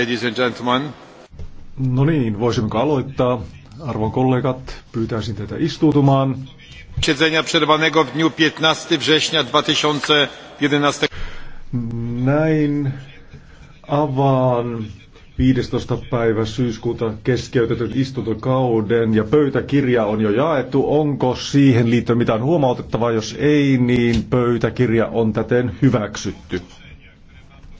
Ladies and gentlemen. No niin, voisimmeko aloittaa? Arvon kollegat, pyytäisin teitä istuutumaan. Siedzenia przerwanego w dniu 15 września 2011. Näin avaan 15. päivä syyskuuta keskeytetyn istuntokauden ja pöytäkirja on jo jaettu. Onko siihen liittyen mitään huomautettavaa? Jos ei, niin pöytäkirja on täten hyväksytty.